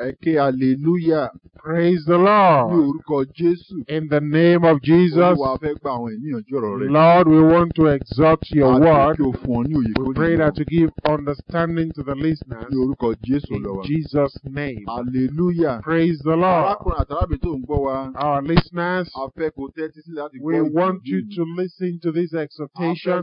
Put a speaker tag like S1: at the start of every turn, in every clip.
S1: Okay, hallelujah. Praise the Lord. In the name of Jesus. Lord, we want to exalt your word. We pray that you give understanding to the listeners. In Jesus' name. Hallelujah. Praise the Lord. Our listeners. We want you to listen to this exhortation.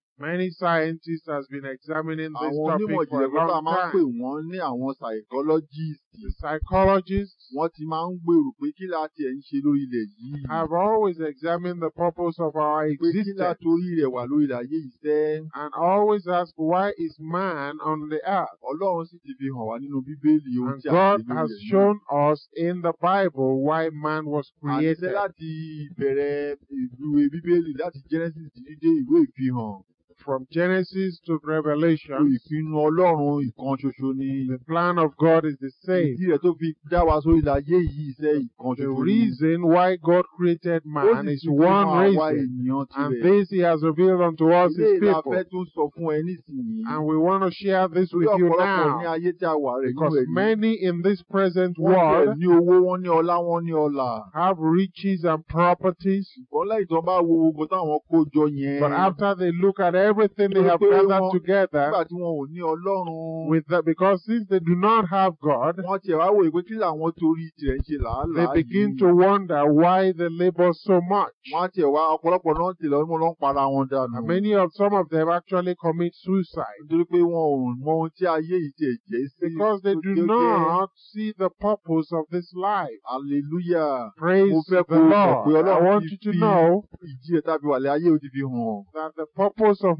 S1: Many scientists has been examining this topic for a long time. Àwọn onímọ̀ ìjìnlẹ̀ máa ń pè wọ́n ní àwọn psychologists. The psychologists. Wọ́n ti máa ń gbèrò pé kí la tiẹ̀ ń ṣe lórí ilẹ̀ yìí. Have always examined the purpose of our existence. Pé kí la torí rẹ̀ wà lórí ilẹ̀ yìí sẹ́. And always ask why is man on the earth? Ọlọ́run sì ti fi hàn wá nínú Bíbélì ohun tí a ti lórí ilẹ̀ And God has shown us in the Bible why man was created. Àti láti ìbẹ̀rẹ̀ ìlú Bíbélì láti Genesis títí dé ìwé ìfihàn. from Genesis to Revelation. The plan of God is the same. The reason why God created man is one reason. And this he has revealed unto us his people. And we want to share this with you now. Because many in this present world. Have riches and properties. But after they look at everything everything they have gathered together with that, because since they do not have God, they begin to wonder why they labor so much. And many of some of them actually commit suicide because they do not see the purpose of this life. Hallelujah. Praise the Lord. I want you to know that the purpose of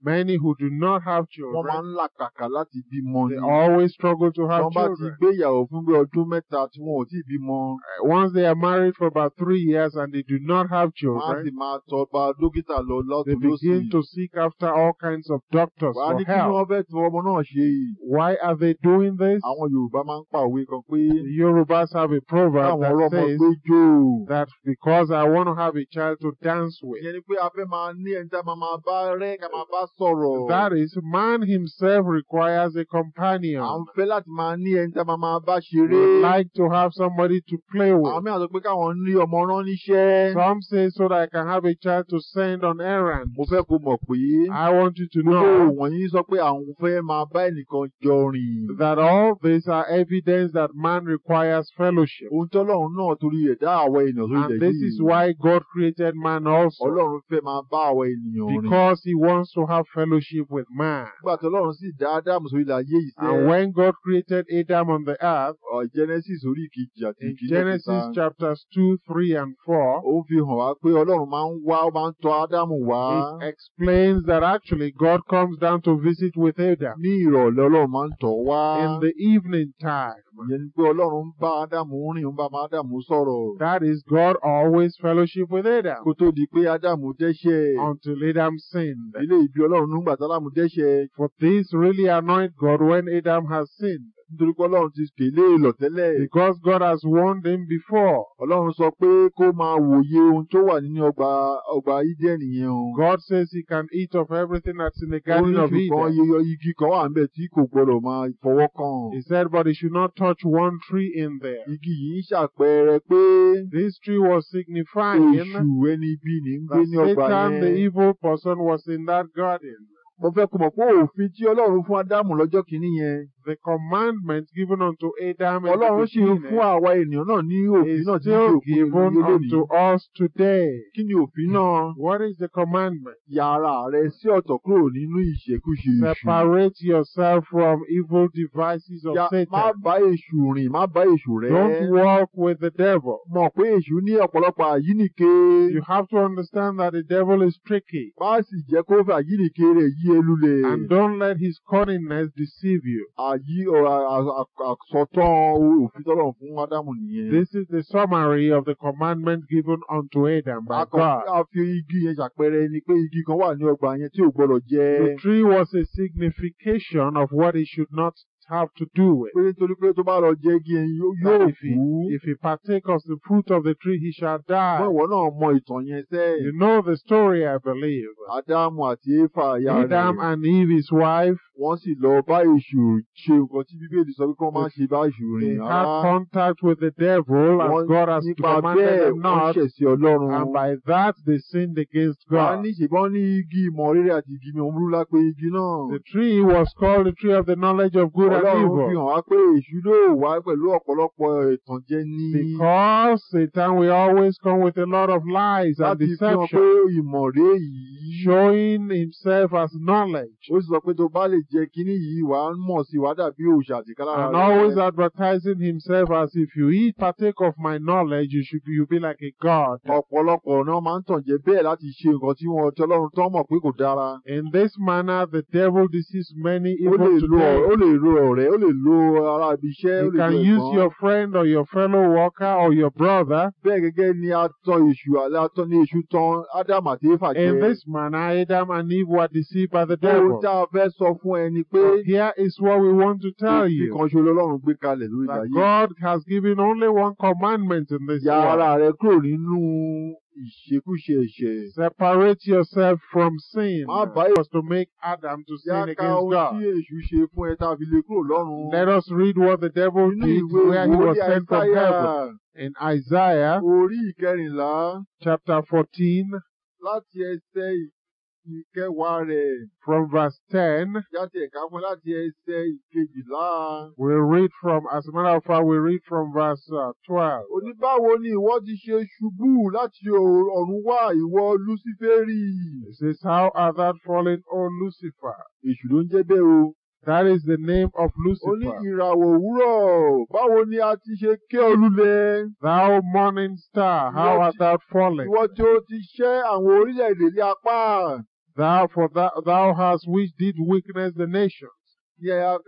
S1: Many who do not have children. Wọ́n máa ń làkàkà láti bímọ ni. They always struggle to have children. Wọ́n bá ti gbéyàwó fún bí ọdún mẹ́ta tí wọn ò tí ì bímọ. Uh, once they are married for about three years and they do not have children. Wọ́n á sì máa tọ́ ba dókítà lọ lọ́tún They begin to seek after all kinds of doctors for help. Wàá ní kí wọ́n fẹ́ tí ọmọ náà ṣe yìí. Why are they doing this? Àwọn Yorùbá máa ń pa kan pé. The Yorùbás have a proverb that says that because I want to have a child to dance with. Ìyẹn ni pé a máa ní ẹni sọ̀rọ̀. That is, man himself requires a companion. À ń fẹ́ láti máa ní ẹni tí a máa bá ṣeré. We would like to have somebody to play with. Àwọn mìíràn sọ pé káwọn ní ọmọ rán níṣẹ́. Some say so that I can have a child to send on errands. Mo fẹ́ kó mọ̀ pé. I want you to know. Gbogbo wọ̀nyí sọ pé àwọn fẹ́ máa bá ẹnìkan jọ rìn. That all these are evidence that man requires fellowship. Ohun tọ́lọ́run náà torí ẹ̀dá àwọn ènìyàn lórí ilẹ̀ yìí. And this is why God created man also. Ọlọ́run fẹ́ máa bá àwọn ènìyàn rìn. Because he wants to have have fellowship with man. but And when God created Adam on the earth. or uh, Genesis Genesis chapters two, three and four. Ó fi hàn wá pé Ọlọ́run tọ̀ It explains that actually God comes down to visit with Adam. In the evening time. ìyẹn ni pé ọlọ́run ń bá ádámù rìn ń bá ádámù sọ̀rọ̀. that is God always fellowship with Adam. kó tó di pé ádámù dẹ́ṣẹ̀. until Adam sinned. ilé ìbí ọlọ́run nígbà tí ádámù dẹ́ṣẹ̀. for this really annoyed God when Adam has sinned nítorí pé ọlọ́run ti kèlé ìlọ̀ e because God has warned him before. ọlọ́run sọ pé kó máa wòye ohun tó wà nínú ọgbà ọgbà Eden yẹn o. God says he can eat of everything that's in the garden of Eden. ó ní ọ̀bùkọ́ igi kan wà níbẹ̀ tí kò gbọdọ̀ máa fọwọ́ kàn. he said but he should not touch one tree in there. igi yìí ṣàpẹẹrẹ pé. this tree was signifying. oṣù ẹni bí ní ń gbé ní ọgbà yẹn. that Satan the evil person was in that garden. mo fẹ́ kó mọ̀ pé òfin tí ọlọ́run fún Ádámù lọ́jọ́ kìíní yẹn the commandment given unto Adam and Ọlọ́run sì fún àwa ènìyàn náà ní òfin náà tí yóò given unto us today. Kí ni òfin náà? What is the commandment? Yàrá rẹ sí ọ̀tọ̀ kúrò nínú ìṣekúṣe èṣù. Separate yourself from evil devices of Satan. Má bá èṣù rìn, má bá èṣù rẹ. Don't walk with the devil. Mọ̀ pé èṣù ní ọ̀pọ̀lọpọ̀ àyínìke. You have to understand that the devil is tricky. Má sì jẹ́ kó fẹ́ àyínìke rẹ̀ yí elú And don't let his cunningness deceive you yí àsọtán òfin tọ́lọ̀ fún Ádámù nìyẹn. This is the summary of the commandment given unto Adam by God. A fi igi yẹn ṣàpẹẹrẹ ni pé igi kan wà ní ọgbà yẹn tí ò gbọdọ̀ jẹ. The tree was a signification of what he should not have to do it. pé nítorí pé tó bá lọ jẹ igi ẹyin yóò kú. if he partake of the fruit of the tree he shall die. wọ́n ìwọ náà mọ ìtàn yẹn sẹ́. you know the story I believe. Ádámù àti Éfà aya rẹ̀. Adam and Eve his wife. wọ́n sì lọ bá èṣù ṣe nǹkan tí bíbélì sọ pé kí wọ́n má ṣe bá èṣù rìn. they had contact with the devil as wọ́n, God has commanded them not. wọ́n nípa bẹ́ẹ̀ and by that they sinned against God. wọ́n ní ṣèbọn ní igi ìmọ̀ rere àti igi mi òun rúlá pé igi náà. the tree was called the tree of the knowledge of good Ọlọ́run fi hàn wá pé èṣù wá pẹ̀lú ọ̀pọ̀lọpọ̀ ìtànjẹ ní. Because Satan will always come with a lot of lies and deception. láti fi hàn pé ìmọ̀re yìí. showing himself as knowledge. ó sì sọ pé tó bá lè jẹ kínní yìí wàá mọ̀ sí wàá dàbí òòṣà àtìkálá rẹ̀. and always advertising himself as if you eat partake of my knowledge you should be, you be like a god. ọ̀pọ̀lọpọ̀ ọ̀nà máa ń tànjẹ bẹ́ẹ̀ láti ṣe nǹkan tí wọ́n ti Ọlọ́run tán mọ̀ pé kò dára. in this manner the devil deceives many even today. ó lè lo ọ̀rẹ́ ó lè lo ará ibi iṣẹ́ you can use your friend or your fellow worker or your brother. bẹ́ẹ̀ gẹ́gẹ́ ni a tọ̀ èṣù àlẹ́ a tọ̀ ní èṣù tán Adam àti Éfà jẹ́. in this manner Adam and Eve were deceived by the devil. ohun tá a fẹ́ sọ fún ẹ ni pé. here is what we want to tell you. ìkan ṣe Ọlọ́run gbé kalẹ̀ lórí ayé. that God has given only one commandment in this world. yà ara rẹ kúrò nínú ìṣekúṣe ẹ̀ṣẹ̀. Separate yourself from sin. Má bá was to make Adam to sin against God. Yàká ohun tí èṣù ṣe fún ẹ tàbí lè kúrò lọ́run. Let us read what the devil did where he was sent from heaven. In Isaiah, orí ìkẹrìnlá, chapter fourteen, láti ẹsẹ̀ láti kẹwàá rẹ̀. From verse ten. Jáde ẹ̀ka fún láti ẹsẹ̀ ìkejìlá. We read from as a matter of fact we read from verse uh, twelve. Uh, Oníbàwo ni ìwọ ti ṣe ṣubú láti ọ̀run wá ìwọ Lúsíférì. It says how art that fallen, on Lucifer? Èṣù ló ń jẹ́ bẹ́ẹ̀ o. That is the name of Lucifer. Ó ìràwọ̀ òwúrọ̀, báwo ni a ti ṣe ké olúlẹ̀? Thou morning star, how art thou fallen? Ìwọ tí o ti ṣẹ́ àwọn orílẹ̀-èdè ní apá. Thou, for thou, thou hast which did weakness the nation in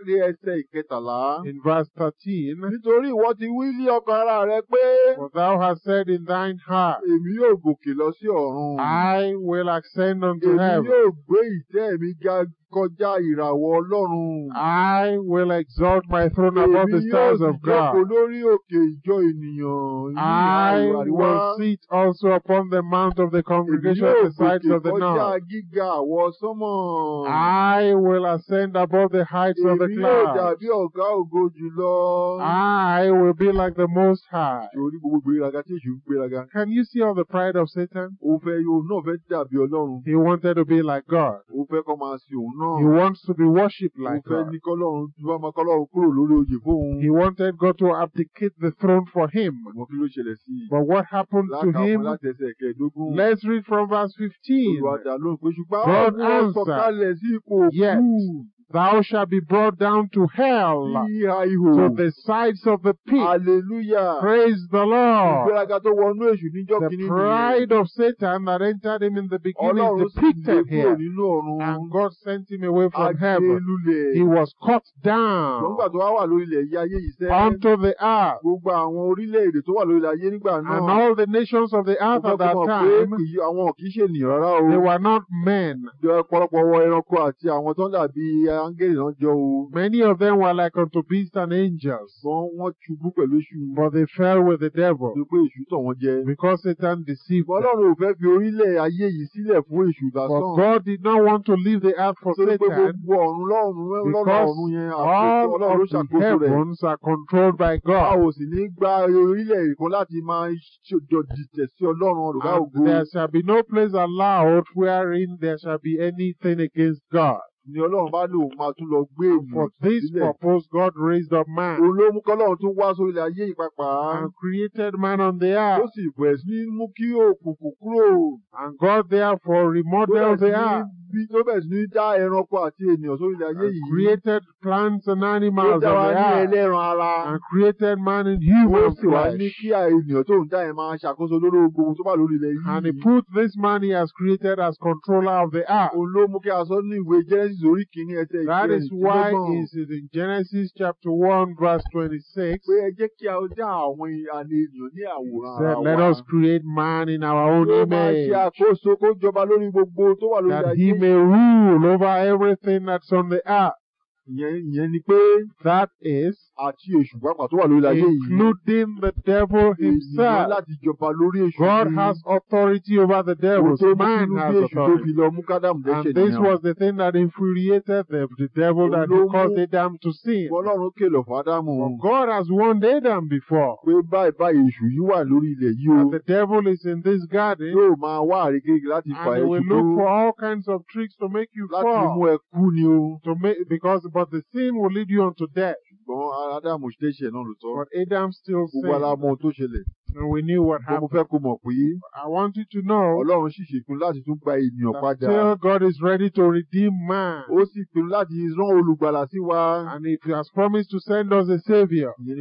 S1: verse thirteen. nítorí ìwọ ti wí ní ọkàn ara rẹ pé. for thou hast said in thine heart. èmi yóò gòkè lọ sí ọ̀run. I will ascend unto heaven. èmi yóò gbé ìtẹ́ mi ga kọjá ìràwọ̀ Ọlọ́run. I will exalt my throne above the stars of God. Èmi yóò jókòó lórí òkè ìjọ ènìyàn. I will sit also upon the mount of the congregation at the sides of the north. Èmi yóò gòkè kọjá gíga àwọ I will ascend above the high. High to the clouds. Ah, I will be like the Most High. Can you see all the pride of Satan? He wanted to be like God. He wants to be worshipped like God. He wanted God to abdicate the throne for him. But what happened to him? Let's read from verse 15. God answered, yet thou shalt be brought down to hell, to the sides of the pit. Hallelujah. Praise the Lord. The pride of Satan that entered him in the beginning is depicted here. And God sent him away from heaven. He was cut down unto the earth. And all the nations of the earth at that time, they were not men. áńgẹ́lì náà jọ o. many of them were like unto beasts and angels. wọ́n wọ́n ṣubú pẹ̀lú èṣù. but they fell with the devil. ṣe pé èṣù wọ́n jẹ. because Satan deceived them. ọlọ́run ò fẹ́ fi orílẹ̀ ayé yìí sílẹ̀ fún èṣù lásán. but God did not want to leave the earth for Satan. torí pé ọ̀run lọ́run lọ́run yẹn àpòtò ọlọ́run ṣàkóso rẹ̀. heavens are controlled by God. a sì ní gba orílẹ̀ kan láti máa dìtẹ̀ sí ọlọ́run ọ̀rùn bá there shall be no place allowed wherein there shall be anything against God ni ọlọ́run bá lò máa tún lọ gbé ènìyàn sílẹ̀. for this purpose God raised up man. òun ló tún wá sórí ilẹ̀ ayé ìpapà. and created man on the earth. ó sì bẹ̀rẹ̀ sí ní mú kí òkùnkùn kúrò. and God therefore remodelled the earth bí tó bẹ̀rẹ̀ sí ní dá ẹranko àti ènìyàn sórí ilẹ̀ ayé yìí. created plants and animals of the earth. ẹlẹ́ran ara. and created man in human flesh. ó sì wá ní kí ènìyàn tó ń dá yẹn máa ṣàkóso lórí gbogbo tó bá lórí ilẹ̀ yìí. and he put this man he has created as controller of the earth. òun ló mú kí a sọ ní ìwé Genesis orí kìíní ẹsẹ̀ ìkẹyìn. that is why it is in Genesis chapter one verse twenty-six. pé ẹ jẹ́ kí a dá àwọn ènìyàn ní àwòrán ara wa. let us create man in our own image. ó máa ṣe àkóso kó jọba lórí gbogbo tó wà lórí ayé yìí. may rule over everything that's on the earth. That is including the devil himself. God has authority over the devil. man has authority. And this was the thing that infuriated them, the devil that caused Adam to sin. Ọlọ́run God has warned Adam before. Pé That the devil is in this garden. And he will look for all kinds of tricks to make you fall. To make because but the sin will lead you unto death. ṣùgbọ́n Adam ṣe léṣe náà ló But Adam still sinned. Gbogbo alamọ tó ṣẹlẹ̀. And we knew what happened. I want you to know. Ọlọ́run sì láti God is ready to redeem man. And if he has promised to send us a saviour. That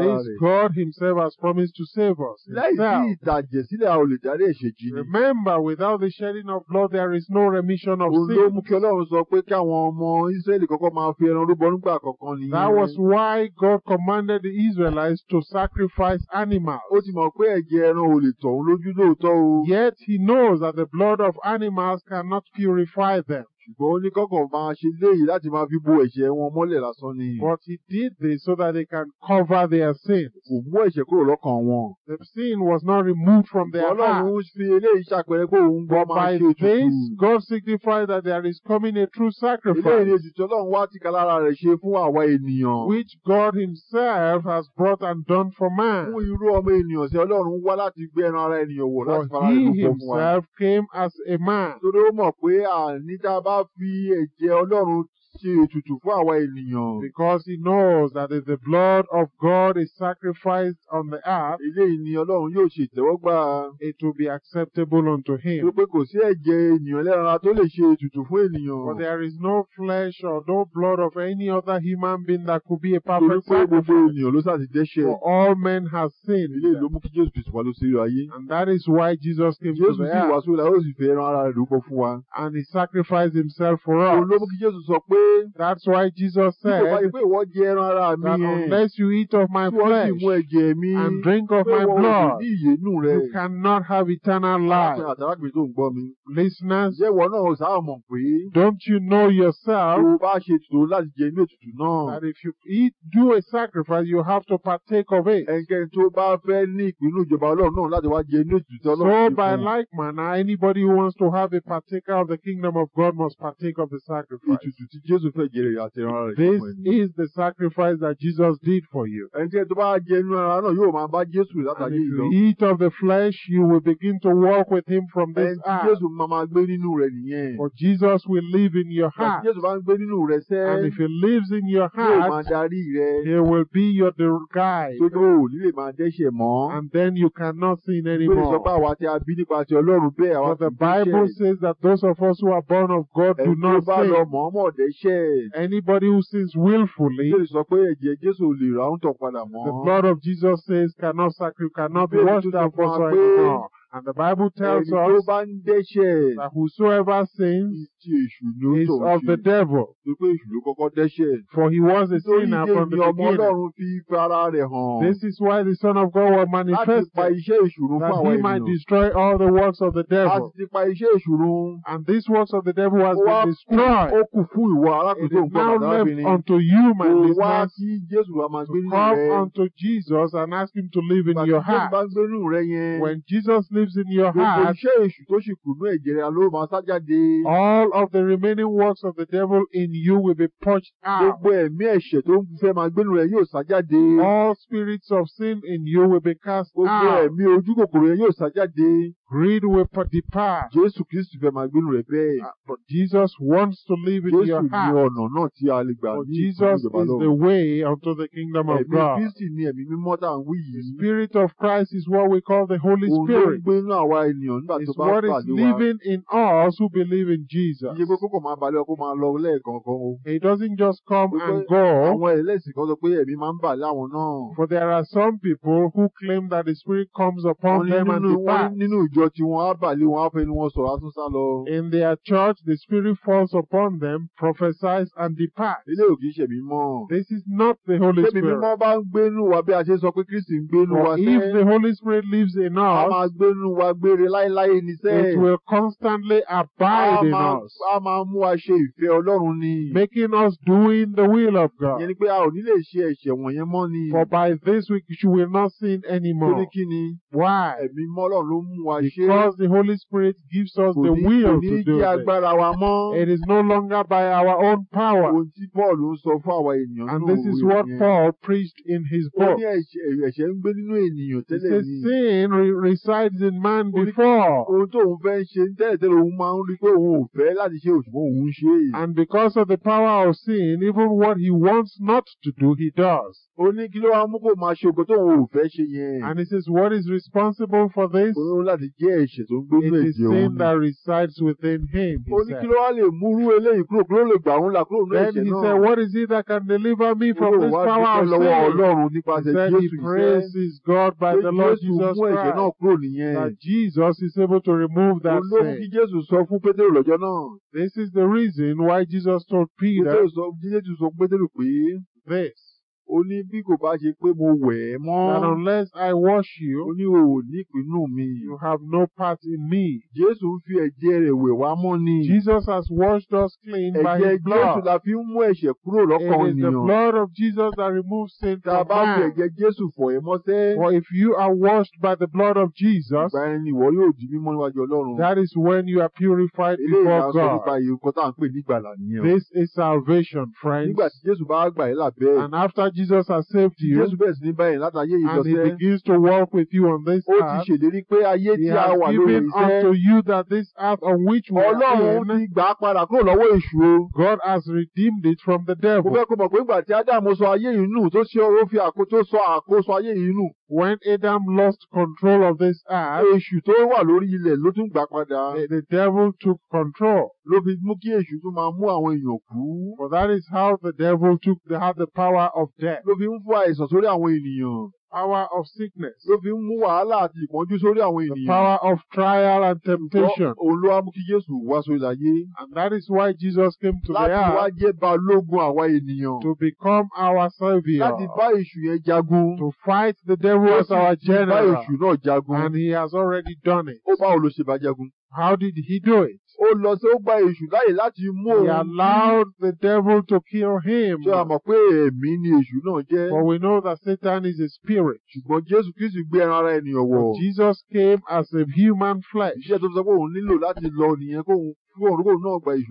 S1: is God himself has promised to save us. Láì Remember without the shedding of blood there is no remission of sin. That was why God commanded the Israelites means to sacrifice animals. Ó ti mọ̀ pé ẹ̀jẹ̀ ẹran ò lè tọ̀ òun lójú lóòótọ́ o. Yet he knows that the blood of animals cannot purify them ṣùgbọ́n ó ní kọ́kàn máa ṣe léyìí láti máa fi bo ẹ̀ṣẹ̀ wọn mọ́lẹ̀ lásán ni. But he did this so that they can cover their sins. Kò mú ẹ̀ṣẹ̀ kúrò lọ́kàn wọn. The sin was not removed from their heart. Ọlọ́run fi eléyìí ṣàpẹẹrẹ pé òun gbọ́ máa ṣe ètùtù. by this, God signifies that there is coming a true sacrifice. Ilé ìrìn ètùtù Ọlọ́run wá ti kalára rẹ̀ ṣe fún àwa ènìyàn. Which God himself has brought and done for man. Fún irú ọmọ ènìyàn sí Ọlọ́run wá láti gbé ẹran ara ènìyàn wò láti fara he himself came as a man fi ẹ̀jẹ̀ Ọlọ́run ṣe ètùtù fún àwa ènìyàn. because he knows that if the blood of God is sacrificed on the earth. eléyìí ni ọlọ́run yóò ṣe ìtẹ́wọ́gbà. it will be acceptable unto him. tó pé kò sí ẹ̀jẹ̀ ènìyàn lẹ́ran tó lè ṣe ètùtù fún ènìyàn. but there is no flesh or no blood of any other human being that could be a perfect sacrifice. torí pé gbogbo ènìyàn ló ṣàti dẹ́ṣẹ̀. for all men have sinned. ilé ìlú mú kí Jésù Kristu wá lọ ayé. and that is why Jesus came to the earth. Jésù sì wá sórí la ó sì fi ẹran ara rẹ̀ rúbọ fún wa. and he sacrificed himself for us. olómú kí Jésù sọ pé that's why Jesus said that unless you eat of my flesh and drink of my blood, you cannot have eternal life. Listeners, don't you know yourself that if you eat, do a sacrifice, you have to partake of it. So by like manner, anybody who wants to have a partaker of the kingdom of God must partake of the sacrifice. This is the sacrifice that Jesus did for you. And if you eat of the flesh, you will begin to walk with him from this hour. For Jesus will live in your heart. And if he lives in your heart, he will be your guide. And then you cannot sin anymore. But the Bible says that those of us who are born of God do not sin. anybody who sins willfully. lè sọ pé ẹ̀jẹ̀ Jésù ò lè rà ń padà mọ́. the blood of Jesus says cannot sacrifice cannot be washed away for sin. And the Bible tells us that whosoever sins is of the devil. For he was a sinner from the beginning. This is why the Son of God was manifested, that he might destroy all the works of the devil. And these works of the devil has been destroyed. It is now left unto you, my listeners, to come unto Jesus and ask him to live in your heart. When Jesus lives lives in your heart, all of the remaining works of the devil in you will be punched out. All spirits of sin in you will be cast out. Greed will depart. Jesus Christ fẹ́ But Jesus wants to live in Jesus your heart. Jesus is the way unto the kingdom of God. The spirit of Christ is what we call the Holy Spirit. It's what is living in us who believe in Jesus. Iye It doesn't just come and go. For there are some people who claim that the spirit comes upon them and departs. ìjọ tí wọ́n á bà wọn á fẹnu wọn sọ̀rọ̀ á tún lọ. In their church, the spirit falls upon them, prophesies and depart. Ilé ò kì í ṣe mímọ́. This is not the Holy Spirit. Ṣé mímọ́ bá ń gbénu wa bí a ṣe sọ pé Kristi ń gbénu wa sẹ́? If the Holy Spirit lives in us, a máa gbénu wa gbére láéláé ní sẹ́. It will constantly abide in us. A máa mú wa ṣe ìfẹ́ Ọlọ́run ni. Making us doing the will of God. Yẹn ni pé a ò ní lè ṣe ẹ̀ṣẹ̀ wọ̀nyẹn mọ́ ni. For by this we will not sin anymore. Torí kí ni? Why? Ẹ̀mí mọ́ ló mú wa ṣe because the Holy Spirit gives us the will to do it. It is no longer by our own power. And this is what Paul preached in his book. He says sin re resides in man before. And because of the power of sin, even what he wants not to do, he does. And he says, what is responsible for this? jẹ́ ẹ̀ṣẹ̀ tó ń gbé ní ẹ̀jẹ̀ òun. It is sin that resides within him. Ó ní kí ló wá lè múrú eléyìí kúrò kí lè gbà òun là kúrò ní ẹ̀ṣẹ̀ náà. Then he said, What is it that can deliver me from this power of sin? Olùwà dúpẹ́ lọ́wọ́ Ọlọ́run nípasẹ̀ Jésù ìfẹ́. He praises God by the Lord Jesus Christ. Jésù mú ẹ̀jẹ̀ náà kúrò nìyẹn. That Jesus is able to remove that sin. Olóòkú Jésù sọ fún Pétérù lọ́jọ́ náà. This is the reason why Jesus told Peter. Pétérù sọ Jésù Pétérù pé. This ó ní bí kò bá ṣe pé mo wẹ̀ ẹ́ mọ́. that unless I wash you. ó ní o ò nípinnu mi. you have no part in me. Jésù ń fi ẹ̀jẹ̀ rẹ̀ wẹ̀ wá mọ́ ni. Jesus has washed us clean by his blood. ẹ̀jẹ̀ Jésù la fi ń mú ẹ̀ṣẹ̀ kúrò lọ́kàn ènìyàn. it is the blood of Jesus that removes sin from man. tá fi ẹ̀jẹ̀ Jésù fọ̀ ẹ́ mọ́sẹ́. for if you are washed by the blood of Jesus. ìgbà yẹn ni ìwọ yóò di mímọ́ níwájú Ọlọ́run. that is when you are purified before God. eléyìí náà sọ nípa ìyókò tá à ń pè this is salvation friends. and after Jesus has saved you. Jésù bẹ̀rẹ̀ sí ní báyìí látàyè ìjọsẹ́. And he begins to walk with you on this earth. Ó ti ṣèlérí pé ayé tí a wà lórí iṣẹ́. He has given unto you that this earth on which we are in. Ọlọ́run ti gbà á padà kúrò lọ́wọ́ èṣù o. God has redeemed it from the devil. Mo fẹ́ kó mọ̀ pé ìgbà tí Ádámù sọ ayé yìí nù tó ṣe ó fi àkóso sọ àkóso ayé yìí nù. When Adam lost control of this earth. Èṣù tó wà lórí ilẹ̀ ló tún gbà padà. The devil took control ló fi mú kí èṣù tún máa mú àwọn èèyàn kú. for that is how the devil took the, have the power of death. ló fi ń fún àìsàn sórí àwọn ènìyàn. power of sickness. ló fi ń mú wàhálà àti ìpọ́njú sórí àwọn ènìyàn. the power of trial and temptation. òun ló wá mú kí Jésù wá sórí ayé. and that is why Jesus came to the earth. láti wá jẹ́ balógun àwa ènìyàn. to become our saviour. láti bá èṣù yẹn jagun. to fight the devil as our general. láti bá èṣù náà jagun. and he has already done it. ó bá olóṣèbá jagun. How did he do it? Ó lọ sí ó gba èṣù láyè láti mú òun. He allowed the devil to kill him. Ṣé a mọ̀ pé ẹ̀mí ni èṣù náà jẹ́? But we know that Satan is a spirit. Ṣùgbọ́n Jésù Kristu gbé ẹran ara ènìyàn wọ̀. Jesus came as a human flesh. Iṣẹ́ tó sọ pé òun nílò láti lọ nìyẹn kóun kúrò nígbò náà gba èṣù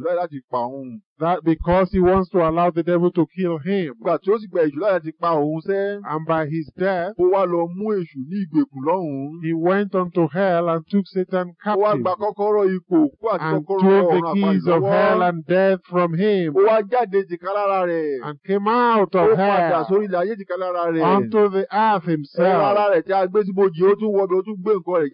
S1: láyè láti pa òun. That because he wants to allow the devil to kill him. Gbà tí ó sì gba èṣù láyè láti pa òun sẹ́. And by his death. Ó wá lọ mú èṣù ní ìgbèkùn lọ́hùn He went unto hell and took Satan captive. Ó wá gba kọ́kọ́rọ́ ipò òkú àti kọ́kọ́rọ́ ọ̀run àpàlùwọ́. And took the keys of hell and death from him. Ó wá jáde jìkà rẹ̀. And came out of hell. Ó padà sórí ilẹ̀ ayé jìkà rẹ̀. Unto the earth himself. Ẹ̀rọ ara rẹ̀ tí a gbé síbojì ó tún wọ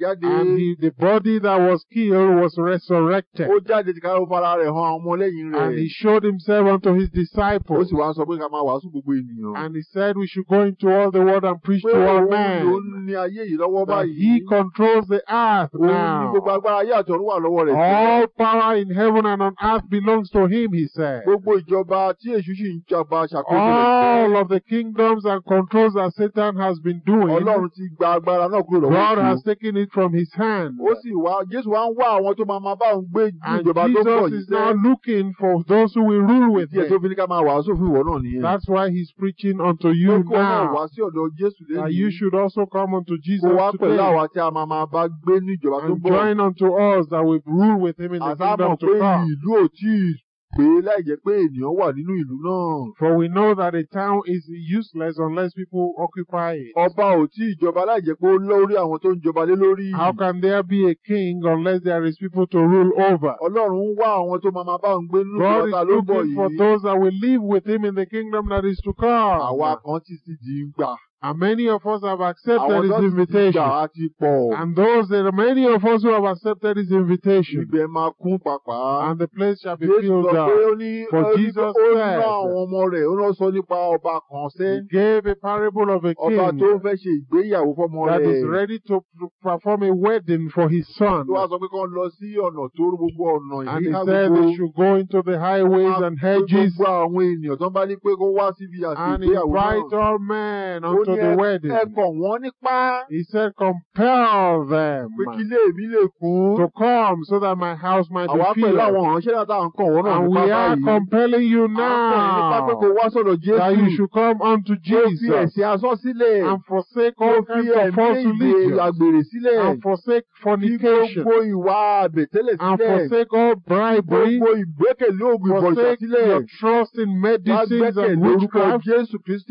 S1: And the body that was killed was resurrected. Ó jáde jáde ká ó fara rẹ̀ hàn ọmọ lẹ́yìn rẹ̀. and he showed himself unto his disciples. ó sì wá sọ pé ká máa wàásù gbogbo ènìyàn. and he said we should go into all the world and preach to all men. pé òun ni ayé yìí lọ́wọ́ báyìí. that he controls the earth now. òun ni gbogbo agbára ayé àtọ̀run wà lọ́wọ́ rẹ̀. all power in heaven and on earth belongs to him he said. gbogbo ìjọba tí èṣù sì ń jọba ṣàkóso rẹ̀. all of the kingdoms and controls that Satan has been doing. ọlọ́run ti gba agbára náà kúrò lọ́wọ́. God has taken it from his hand. ó sì wá Jésù wá ń wá àwọn tó máa máa bá òun gbé jù Jesus is now looking for those who will rule with him. That's why he's preaching unto you now. Kókó That you should also come unto Jesus today. Kó wá pẹ̀lú And join unto us that we rule with him in the kingdom to come pé láì jẹ́ pé ènìyàn wà nínú ìlú náà. For we know that the town is useless unless people occupy it. Ọba ò tí ìjọba láì jẹ́ pé ó lórí àwọn tó ń jọba lé lórí. How can there be a king unless there is people to rule over? Ọlọ́run ń wá àwọn tó máa máa bá òun gbé nínú ìjọba ló yìí. God is looking for those that will live with him in the kingdom that is to come. Àwa kan ti ti di ń gbà. And many of us have accepted his invitation. And those that many of us who have accepted his invitation. And the place shall be filled up. For Jesus said, He gave a parable of a king that is ready to perform a wedding for his son. And he said they should go into the highways and hedges. And invite all men unto the wedding. wọ́n nípa. He said, compel them. Pé kí ilé mi lè kún. To come so that my house might be filled. Àwa pẹ̀lú àwọn ìránṣẹ́ náà táwọn kàn wọ́n náà nípa báyìí. And we are compelling you now. Àwọn kan nípa pé kò wá sọ̀rọ̀ Jésù. That you should come unto Jesus. Kó fi ẹ̀sìn asọ́ sílẹ̀. And forsake all kinds of false religion. Kó fi ẹ̀mí ìlè sílẹ̀. And forsake fornication. Kí gbogbo ìwà àbẹ̀tẹ́lẹ̀ sílẹ̀. And forsake all bribery. Gbogbo ìgbẹ́kẹ̀lé ògùn ìbọ̀rìṣà sílẹ̀. Forsake your trust in medicines and witchcraft. Jésù Kristi.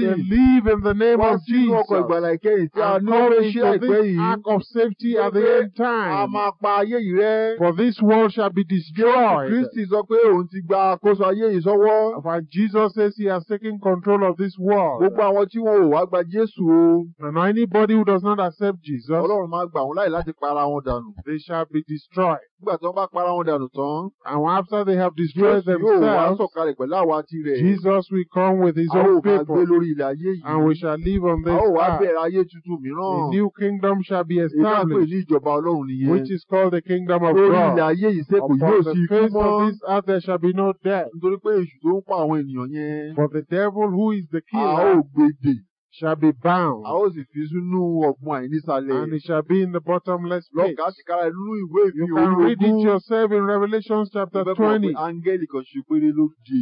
S1: in the name of sínú ọkọ̀ ìgbàlà ìkẹyìn tí a ní oríṣi àìpẹ́ yìí. act of safety at the end time. a máa pa ayé yìí rẹ. for this world shall be destroyed. Kristi sọ pé òun ti gba àkóso ayé yìí sọ́wọ́. for Jesus says he has taken control of this world. gbogbo àwọn tí wọn ò wá gba Jésù o. and anybody who does not accept Jesus. Ọlọ́run máa gbà wọn láì láti para wọn dànù. they shall be destroyed nígbà tí wọ́n bá para wọn dànù tán. àwọn after they have destroyed themselves. yóò wá sọ̀kalẹ̀ pẹ̀lú àwa tirẹ̀. Jesus will come with his own people. a ó máa gbé lórí ilẹ̀ ayé yìí. and we shall live on this earth. a ó wá bẹ̀rẹ̀ ayé tuntun mìíràn. a new kingdom shall be established. ìdápè ní ìjọba Ọlọ́run nìyẹn. which is called the kingdom of God. lórí ilẹ̀ ayé yìí sẹ́kù yóò sí ikú mọ́. upon the face of this earth there shall be no death. nítorí pé èṣù tó ń pa àwọn ènìyàn yẹn. for the devil who is the king. a ó gbèdè shall be bound. A ó sì fi sínú ọ̀gbun àìnísàlẹ̀. And it shall be in the bottomless pit. Lọ́ọ̀ká ti kára inú ìwé ìfi ológun. You can read it yourself in Revelation chapter twenty. Bẹ́ẹ̀ bá áńgẹ́lì kan ṣe péré ló di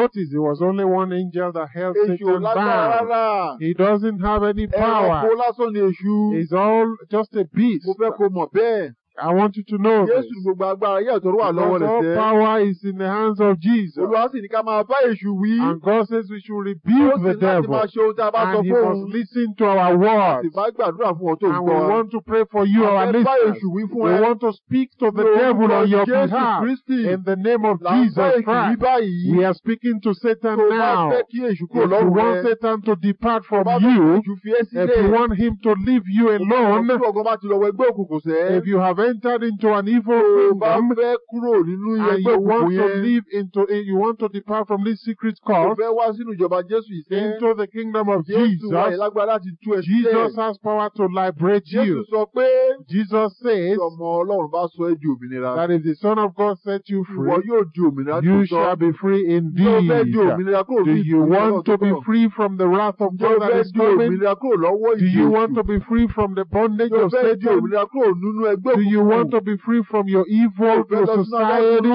S1: Notice it was only one angel that held Satan bound. Èṣù lágbára rárá. He doesn't have any power. Ẹ̀rọ kó lásán ni èṣù. He's all just a beast. Mo fẹ́ kó mọ̀ bẹ́ẹ̀. I want you to know this. Because all power is in the hands of Jesus. And God says we should rebuke the devil. And he must listen to our words. And we want to pray for you, our listeners. We want to speak to the devil on your behalf. In the name of Jesus Christ. We are speaking to Satan now. If you want Satan to depart from you, if you want him to leave you alone, if you have entered into an evil kingdom and you want to live into it, eh, you want to depart from this secret cult into the kingdom of Jesus, Jesus has power to liberate you. Jesus says that if the Son of God set you free, you shall be free indeed. Do you want to be free from the wrath of God that is coming? Do you want to be free from the bondage of Satan? you want to be free from your evil to society,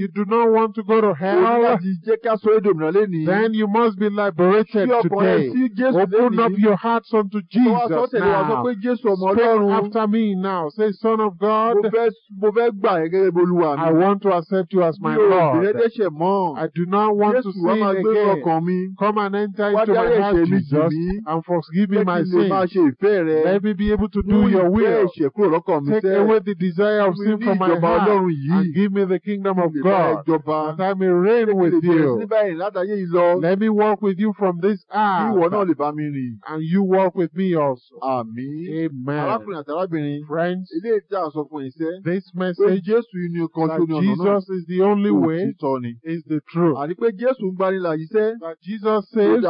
S1: you do not want to go to hell, then you must be liberated today. Open up your hearts unto Jesus now. Speak after me now. Say, Son of God, I want to accept you as my Lord. I do not want to sin again. Come and enter into my heart, Jesus, and forgive me my sins. Let me be able to do your will. Take away away the desire of sin from my heart and give me the kingdom of God that I may reign with you. Let me walk with you from this hour and you walk with me also. Amen. Friends, this message that Jesus is the only way is the truth. That Jesus says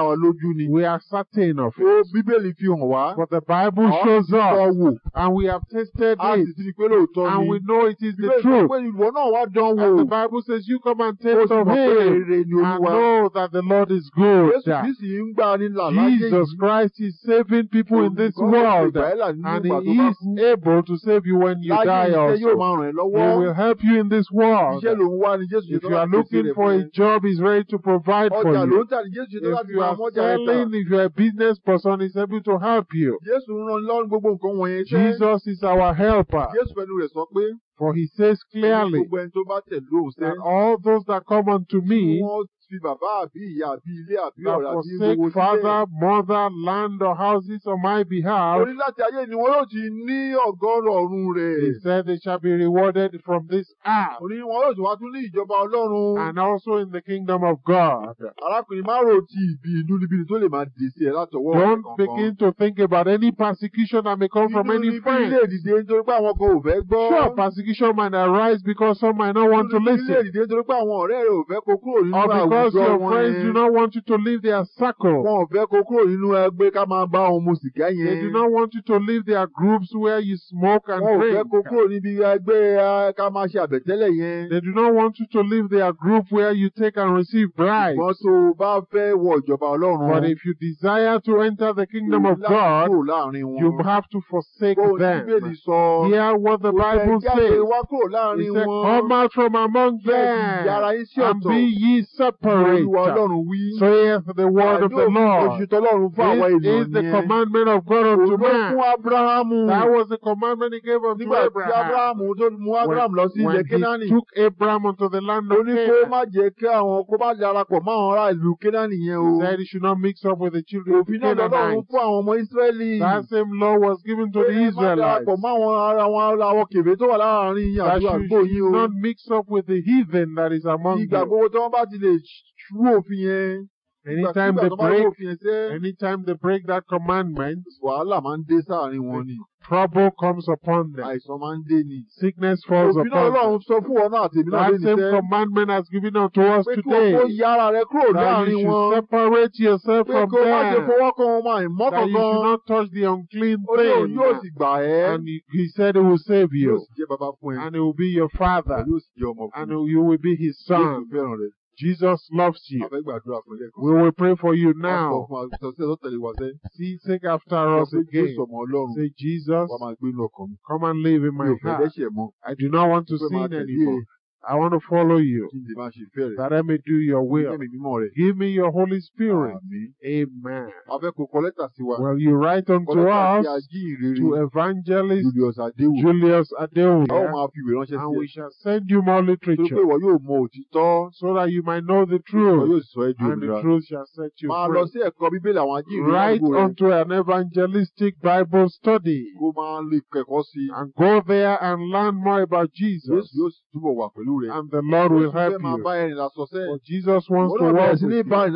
S1: we are certain of it. But the Bible shows us and we have tested it. and we know it is the truth. and the Bible says you come and taste of him and know that the Lord is good. Jesus Christ is saving people in this world and he is able to save you when you die also. He will help you in this world. If you are looking for a job, he's ready to provide for you. If you are selling, if you are a business person, he's able to help you. Jesus is our helper. Jésù fẹnu rẹ̀ sọ pé. For he says clearly. Gbogbo ẹni tó bá tẹ̀lé òun sẹ́. all those that come unto me. Wọ́n bí bàbá àbí ìyá àbí ilé àbí ọ̀rẹ́ àbí ìwò ilé. father mother land or houses on my behalf. orí láti ayé ni wọn yóò ti ní ọgọ́rọ̀ ọ̀run rẹ̀. he said they shall be rewarded from this earth. orí wọn yóò ti wá tún ní ìjọba ọlọ́run. and also in the kingdom of God. arákùnrin má rò ti ìbí inú níbi tó lè máa dè sí ẹ látọwọ́ don't begin to think about any persecution that may come from any friend. inú níbi ilé ìdìde nítorí pé àwọn kan ò fẹ́ gbọ́. sure persecution might arise because some might not want to listen. because your friends do not want you to leave their circle. Wọn fẹ́ kó kúrò nínú ẹgbẹ́ ká máa bá wọn mu sìgá yẹn. They do not want you to leave their groups where you smoke and drink. Wọn fẹ́ kó kúrò níbi ẹgbẹ́ ká máa ṣe àbẹ̀tẹ́lẹ̀ yẹn. They do not want you to leave their group where you take and receive bribes. bá fẹ́ wọ ìjọba Ọlọ́run. But if you desire to enter the kingdom of God, you have to forsake them. Hear what the Bible says. It come out from among them and be ye separate. operate. Saith the word of the Lord. This is the commandment of God unto man. That was the commandment he gave unto Abraham. Abraham, When, when he took Abraham unto the land of Canaan. He said he should not mix up with the children of Canaanites. That same law was given to the Israelites. That you should not mix up with the heathen that is among you. Anytime they break, anytime they break that commandment, trouble comes upon them. Sickness falls upon them. That same commandment has given unto us today. That you should separate yourself from them. That you should not touch the unclean thing. And he, he said he will save you. And he will be your father. And you will be his son. Jesus loves you. We will pray for you now. See, seek after us again. Say, Jesus, come and live in my heart. I do not want to sin anymore. I want to follow you that I may do your will. Give me your Holy Spirit. Amen. Well, you write unto us to evangelist Julius Adeoye, and we shall send you more literature so that you might know the truth, and the truth shall set you free. Write unto an evangelistic Bible study and go there and learn more about Jesus rẹ̀. and the Lord will help you. máa bá ẹ̀rìn lásọ sẹ́ẹ̀. Jesus wants to work with you. báyìí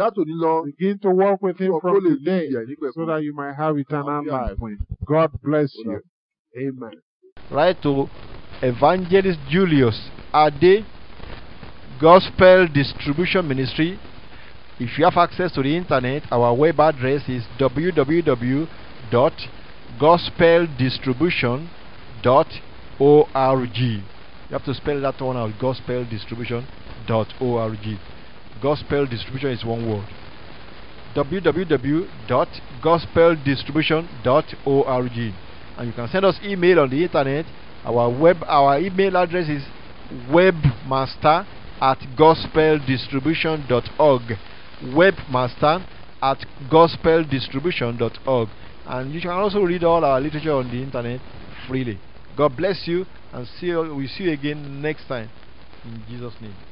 S1: lọ. begin to work with him from today so that you might have eternal life. God bless you. Amen. Write to Evangelist Julius Ade, Gospel Distribution Ministry. If you have access to the internet, our web address is www.gospeldistribution.org. You have to spell that one out, gospeldistribution.org. Gospel distribution is one word. www.gospeldistribution.org. And you can send us email on the internet. Our web our email address is webmaster at gospeldistribution.org. Webmaster at gospeldistribution.org. And you can also read all our literature on the internet freely. God bless you and see we see you again next time in Jesus name